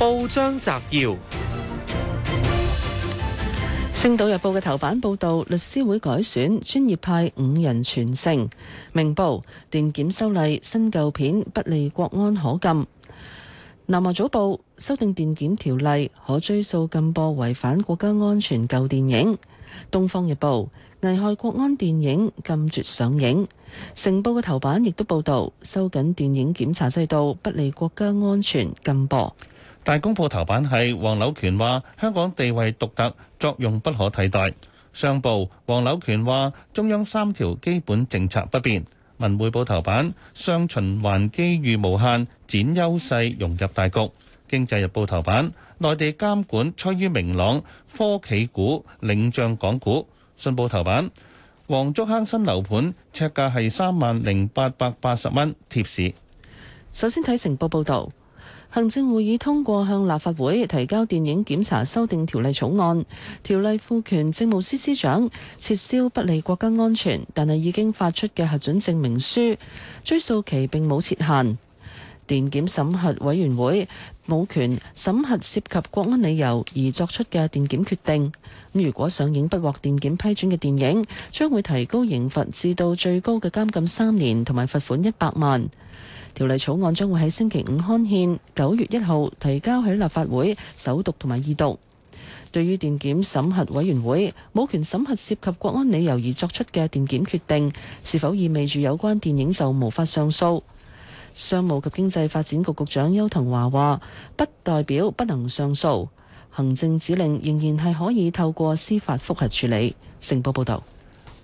報章摘要：星島日報嘅頭版報道，律師會改選專業派五人全勝。明報電檢修例新舊片不利國安可禁。南華早報修訂電檢條例，可追溯禁播違反國家安全舊電影。東方日報危害國安電影禁絕上映。成報嘅頭版亦都報道，收緊電影檢查制度不利國家安全禁播。大公報頭版係黃柳權話香港地位獨特，作用不可替代。商報黃柳權話中央三條基本政策不變。文匯報頭版雙循環機遇無限，展優勢融入大局。經濟日報頭版內地監管趨於明朗，科技股領漲港股。信報頭版黃竹坑新樓盤尺價係三萬零八百八十蚊，貼士。首先睇成報報道。行政會議通過向立法會提交電影檢查修訂條例草案，條例賦權政務司司長撤銷不利國家安全但係已經發出嘅核准證明書，追訴期並冇設限。電檢審核委員會冇權審核涉及國安理由而作出嘅電檢決定。如果上映不獲電檢批准嘅電影，將會提高刑罰至到最高嘅監禁三年同埋罰款一百萬。條例草案將會喺星期五刊憲，九月一號提交喺立法會首讀同埋二讀。對於電檢審核委員會冇權審核涉及國安理由而作出嘅電檢決定，是否意味住有關電影就無法上訴？商務及經濟發展局局長邱騰華話，不代表不能上訴，行政指令仍然係可以透過司法覆核處理。成報報道。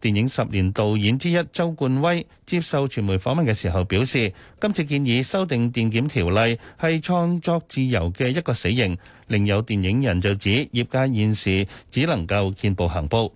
電影十年導演之一周冠威接受傳媒訪問嘅時候表示，今次建議修訂電檢條例係創作自由嘅一個死刑。另有電影人就指，業界現時只能夠見步行步。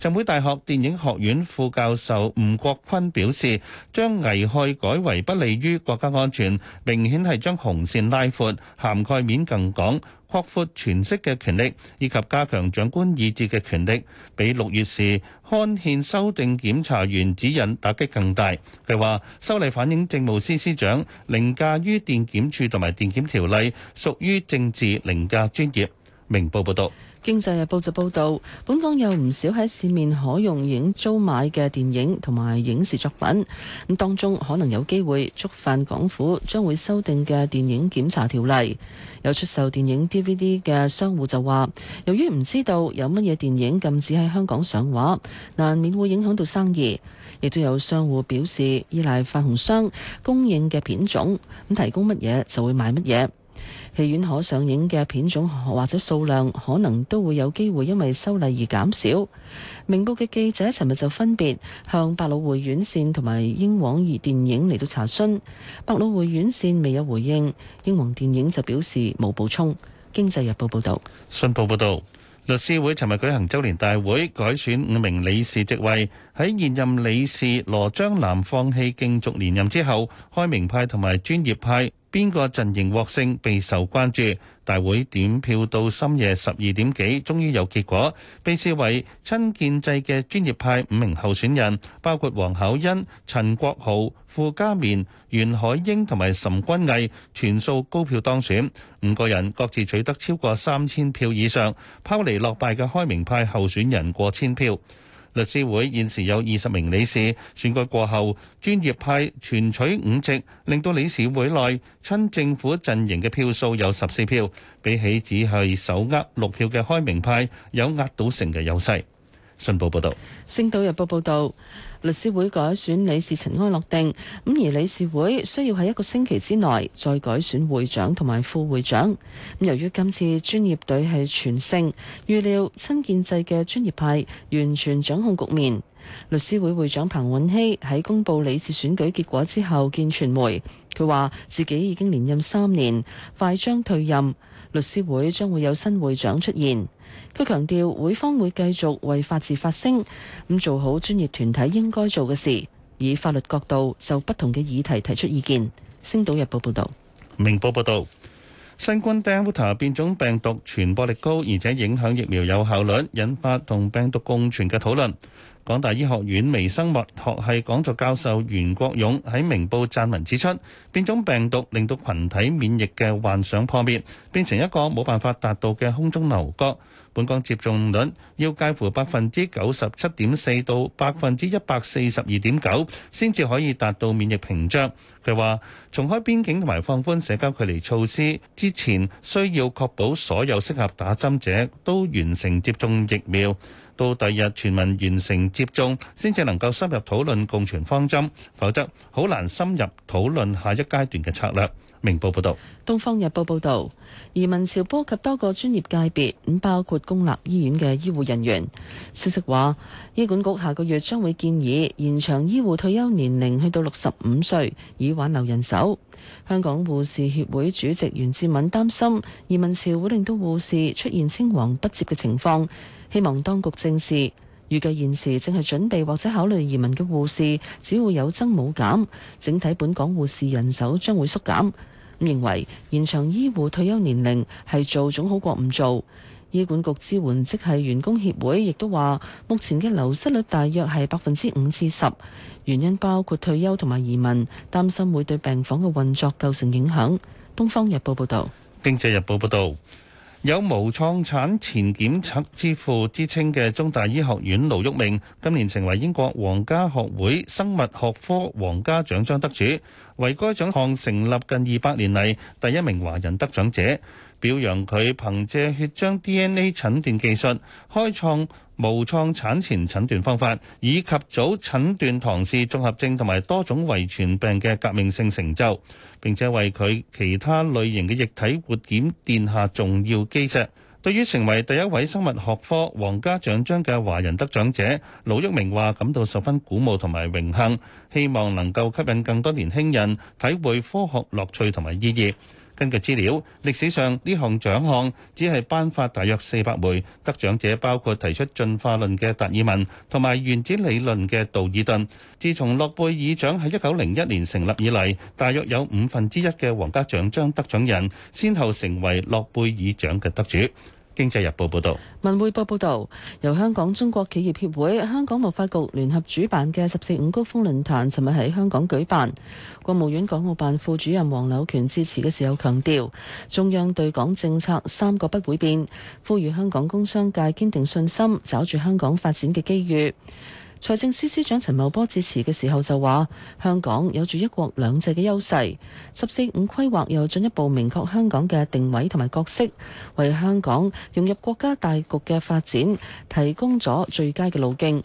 浸會大學電影學院副教授吳國坤表示，將危害改為不利於國家安全，明顯係將紅線拉闊，涵蓋面更廣。擴闊詮釋嘅權力，以及加強長官意志嘅權力，比六月時刊憲修訂檢查員指引打擊更大。佢話，修例反映政務司司長凌駕於電檢處同埋電檢條例，屬於政治凌駕專業。明報報道，《經濟日報》就報導，本港有唔少喺市面可用影租買嘅電影同埋影視作品，咁當中可能有機會觸犯港府將會修訂嘅電影檢查條例。有出售電影 DVD 嘅商戶就話，由於唔知道有乜嘢電影禁止喺香港上畫，難免會影響到生意。亦都有商戶表示，依賴發行商供應嘅片種，咁提供乜嘢就會買乜嘢。戲院可上映嘅片種或者數量，可能都會有機會因為修例而減少。明報嘅記者尋日就分別向百老匯院線同埋英皇二電影嚟到查詢，百老匯院線未有回應，英皇電影就表示冇補充。經濟日報報道，信報報道，律師會尋日舉行周年大會，改選五名理事職位。喺現任理事羅章南放棄競逐連任之後，開明派同埋專業派邊個陣營獲勝備受關注。大會點票到深夜十二點幾，終於有結果，被視為親建制嘅專業派五名候選人，包括黃巧恩、陳國豪、傅家綿、袁海英同埋岑君毅，全數高票當選。五個人各自取得超過三千票以上，拋離落敗嘅開明派候選人過千票。律師會現時有二十名理事，選舉過後專業派全取五席，令到理事會內親政府陣營嘅票數有十四票，比起只係手握六票嘅開明派有壓倒性嘅優勢。信報報道。《星島日報》報道。律師會改選理事塵埃落定，咁而理事會需要喺一個星期之內再改選會長同埋副會長。咁由於今次專業隊係全勝，預料親建制嘅專業派完全掌控局面。律師會會長彭韻僖喺公布理事選舉結果之後見傳媒，佢話自己已經連任三年，快將退任，律師會將會有新會長出現。佢強調，會方會繼續為法治發聲，咁做好專業團體應該做嘅事，以法律角度就不同嘅議題提出意見。《星島日報》報道。《明報》報道，新冠 Delta 變種病毒傳播力高，而且影響疫苗有效率，引發同病毒共存嘅討論。港大醫學院微生物學系講座教授袁國勇喺《明報》撰文指出，變種病毒令到群體免疫嘅幻想破滅，變成一個冇辦法達到嘅空中樓閣。本港接種率要介乎百分之九十七點四到百分之一百四十二點九，先至可以達到免疫屏障。佢話重開邊境同埋放寬社交距離措施之前，需要確保所有適合打針者都完成接種疫苗，到第日全民完成接種，先至能夠深入討論共存方針，否則好難深入討論下一階段嘅策略。明報報導，《東方日報》報導，移民潮波及多個專業界別，咁包括公立醫院嘅醫護人員。消息話，醫管局下個月將會建議延長醫護退休年齡去到六十五歲，以挽留人手。香港護士協會主席袁志敏擔心移民潮會令到護士出現青黃不接嘅情況，希望當局正視。預計現時正係準備或者考慮移民嘅護士，只會有增冇減，整體本港護士人手將會縮減。認為延長醫護退休年齡係做總好過唔做。醫管局支援即係員工協會，亦都話目前嘅流失率大約係百分之五至十，原因包括退休同埋移民，擔心會對病房嘅運作構成影響。《東方日報》報道。《經濟日報》報道，有無創產前檢測之父之稱嘅中大醫學院盧煜明，今年成為英國皇家學會生物學科皇家獎章得主。為該獎項成立近二百年嚟，第一名華人得獎者，表揚佢憑藉血漿 DNA 診斷技術，開創無創產前診斷方法，以及早診斷唐氏綜合症同埋多種遺傳病嘅革命性成就，並且為佢其他類型嘅液體活檢奠下重要基石。對於成為第一位生物學科皇家獎章嘅華人得獎者，盧煜明話感到十分鼓舞同埋榮幸，希望能夠吸引更多年輕人體會科學樂趣同埋意義。根據資料，歷史上呢項獎項只係頒發大約四百枚，得獎者包括提出進化論嘅達爾文同埋原子理論嘅道爾頓。自從諾貝爾獎喺一九零一年成立以嚟，大約有五分之一嘅皇家獎章得獎人，先後成為諾貝爾獎嘅得主。經濟日報報道，文匯報報道，由香港中國企業協會、香港貿發局聯合主辦嘅“十四五”高峰論壇，尋日喺香港舉辦。國務院港澳辦副主任黃柳權致辭嘅時候強調，中央對港政策三個不會變，呼籲香港工商界堅定信心，抓住香港發展嘅機遇。財政司司長陳茂波致辭嘅時候就話：香港有住一國兩制嘅優勢，十四五規劃又進一步明確香港嘅定位同埋角色，為香港融入國家大局嘅發展提供咗最佳嘅路徑。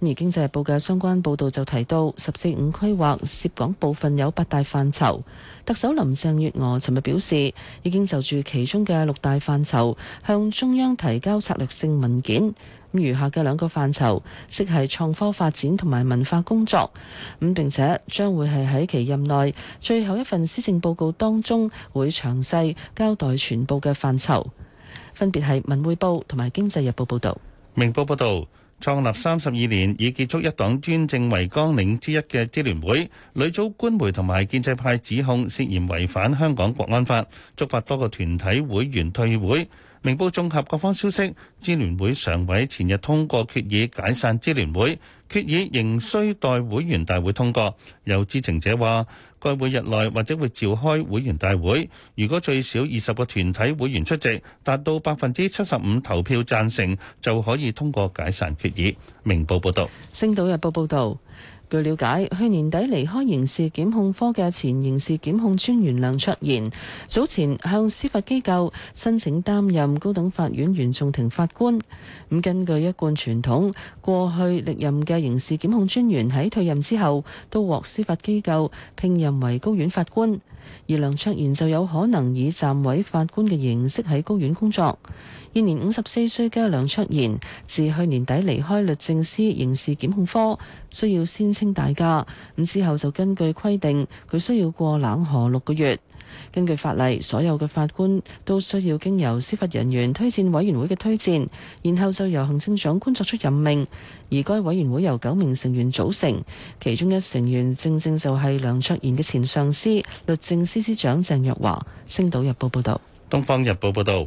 而經濟日報嘅相關報導就提到，十四五規劃涉港部分有八大範疇。特首林鄭月娥尋日表示，已經就住其中嘅六大範疇向中央提交策略性文件。咁餘下嘅兩個範疇，即係創科發展同埋文化工作。咁並且將會係喺其任內最後一份施政報告當中，會詳細交代全部嘅範疇。分別係文匯報同埋經濟日報報導。明報報導。創立三十二年，以結束一黨專政為綱領之一嘅支聯會，屢遭官媒同埋建制派指控涉嫌違反香港國安法，觸發多個團體會員退會。明報綜合各方消息，支聯會常委前日通過決議解散支聯會，決議仍需待會員大會通過。有知情者話，該會日內或者會召開會員大會，如果最少二十個團體會員出席，達到百分之七十五投票贊成，就可以通過解散決議。明報報道。星島日報報道。據了解，去年底離開刑事檢控科嘅前刑事檢控專員梁卓然，早前向司法機構申請擔任高等法院原訟庭法官。咁根據一貫傳統，過去歷任嘅刑事檢控專員喺退任之後，都獲司法機構聘任為高院法官。而梁卓然就有可能以暫委法官嘅形式喺高院工作。現年五十四歲嘅梁卓然，自去年底離開律政司刑事檢控科，需要先請。大家咁，之後就根據規定，佢需要過冷河六個月。根據法例，所有嘅法官都需要經由司法人員推薦委員會嘅推薦，然後就由行政長官作出任命。而該委員會由九名成員組成，其中一成員正正就係梁卓賢嘅前上司律政司司長鄭若驊。《星島日報》報道，《東方日報》報道。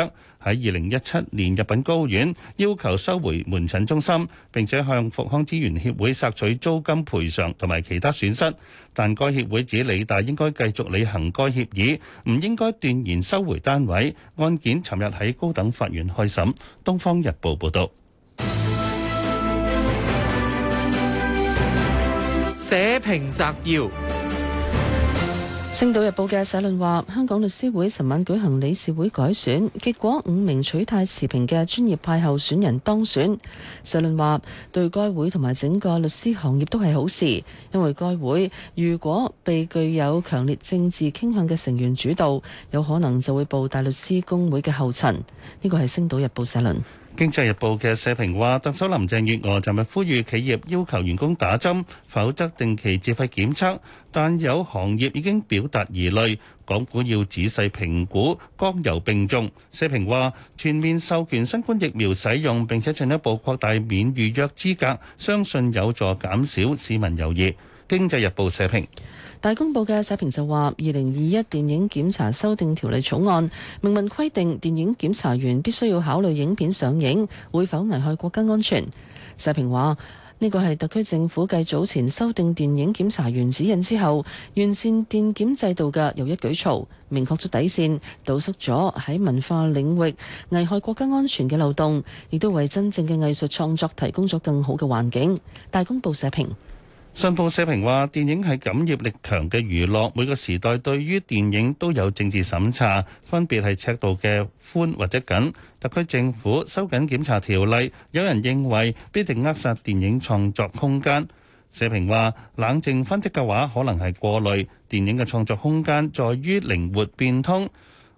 喺二零一七年，入稟高院要求收回門診中心，並且向復康資源協會索取租金賠償同埋其他損失。但該協會指理大應該繼續履行該協議，唔應該斷言收回單位。案件尋日喺高等法院開審。東方日報報道。社評摘要。《星島日報》嘅社論話，香港律師會尋晚舉行理事會改選，結果五名取態持平嘅專業派候選人當選。社論話，對該會同埋整個律師行業都係好事，因為該會如果被具有強烈政治傾向嘅成員主導，有可能就會步大律師公會嘅後塵。呢、這個係《星島日報》社論。經濟日報嘅社評話：特首林鄭月娥昨日呼籲企業要求員工打針，否則定期自費檢測，但有行業已經表達疑慮，港股要仔細評估，剛柔並重。社評話：全面授權新冠疫苗使用，並且進一步擴大免預約資格，相信有助減少市民猶豫。《經濟日報》社評。大公報嘅社評就話：二零二一電影檢查修訂條例草案明文規定，電影檢查員必須要考慮影片上映會否危害國家安全。社評話：呢個係特區政府繼早前修訂電影檢查員指引之後，完善電檢制度嘅又一舉措，明確咗底線，堵塞咗喺文化領域危害國家安全嘅漏洞，亦都為真正嘅藝術創作提供咗更好嘅環境。大公報社評。信報社評話：電影係感染力強嘅娛樂，每個時代對於電影都有政治審查，分別係尺度嘅寬或者緊。特區政府收緊檢查條例，有人認為必定扼殺電影創作空間。社評話：冷靜分析嘅話，可能係過慮。電影嘅創作空間在於靈活變通。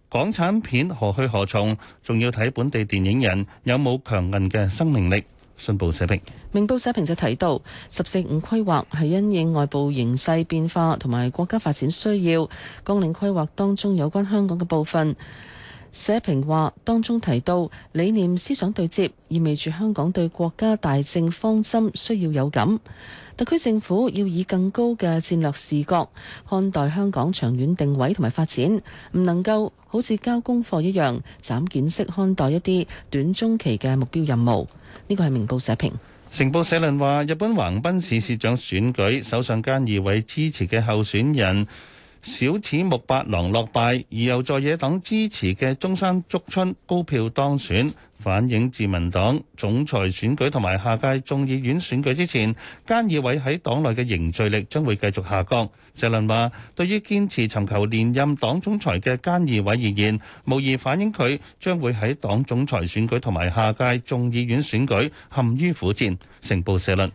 港產片何去何從，仲要睇本地電影人有冇強硬嘅生命力。新報社評，明報社評就提到，十四五規劃係因應外部形勢變化同埋國家發展需要，綱領規劃當中有關香港嘅部分。社評話當中提到理念思想對接，意味住香港對國家大政方針需要有感，特區政府要以更高嘅戰略視角看待香港長遠定位同埋發展，唔能夠好似交功課一樣斬件式看待一啲短中期嘅目標任務。呢、這個係明報社評。成報社論話，日本橫濱市市長選舉首相菅義偉支持嘅候選人，小此木八郎落敗，而又在野黨支持嘅中山竹春高票當選，反映自民黨總裁選舉同埋下屆眾議院選舉之前，菅義偉喺黨內嘅凝聚力將會繼續下降。社論話，對於堅持尋求連任黨總裁嘅菅義偉而言，無疑反映佢將會喺黨總裁選舉同埋下屆眾議院選舉陷於苦戰，成報社論。